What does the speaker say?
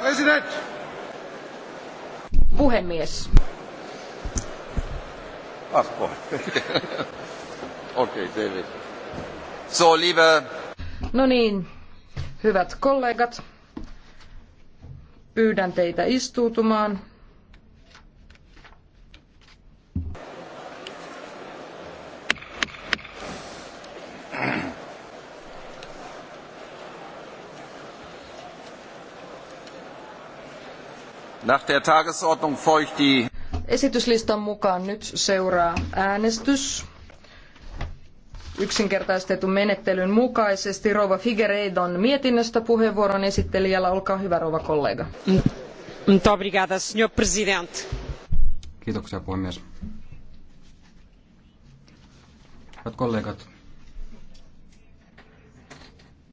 President. Puhemies. Okei, okay, So, No niin, hyvät kollegat, pyydän teitä istuutumaan. Nach der Tagesordnung folgt die... Esityslistan mukaan nyt seuraa äänestys. Yksinkertaistetun menettelyn mukaisesti Rova Figuereidon mietinnöstä puheenvuoron esittelijällä. Olkaa hyvä, Rova kollega. Muito obrigada, senhor president. Kiitoksia, puhemies. Hyvät kollegat,